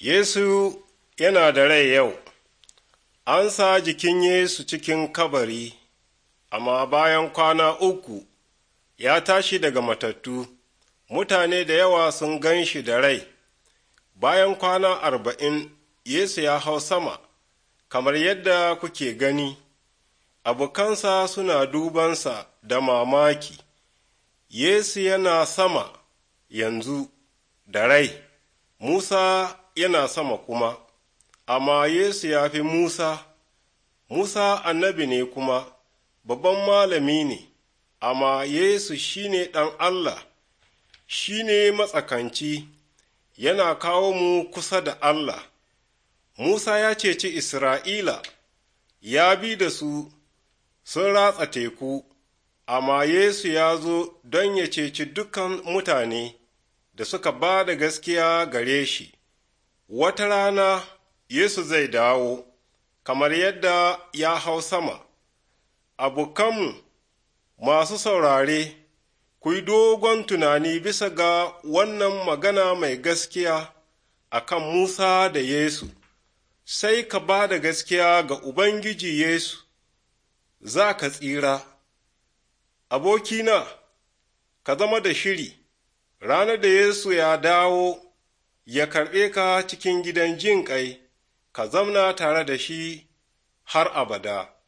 Yesu yana da rai yau, an sa jikin Yesu cikin kabari, amma bayan kwana uku ya tashi daga matattu, mutane da yawa sun gan shi da rai. Bayan kwana arba'in, Yesu ya hau sama, kamar yadda kuke gani, abokansa suna dubansa da mamaki, Yesu yana sama yanzu da rai, Musa yana sama kuma, amma Yesu ya fi Musa, Musa annabi ne kuma, babban malami ne, amma Yesu shi ne ɗan Allah, shi ne matsakanci, yana kawo mu kusa da Allah. Musa ya ceci Isra'ila, ya bi da su sun ratsa teku, amma Yesu ya zo don ya ceci dukan mutane da suka ba da gaskiya gare shi. wata rana Yesu zai dawo, kamar yadda ya hau sama, abokanmu masu saurare, ku yi dogon tunani bisa ga wannan magana mai gaskiya a kan Musa da Yesu, sai ka ba da gaskiya ga Ubangiji Yesu, za ka tsira. Abokina, ka zama da shiri, ranar da Yesu ya dawo. ya karɓe ka cikin gidan jin ƙai, ka zamna tare da shi har abada.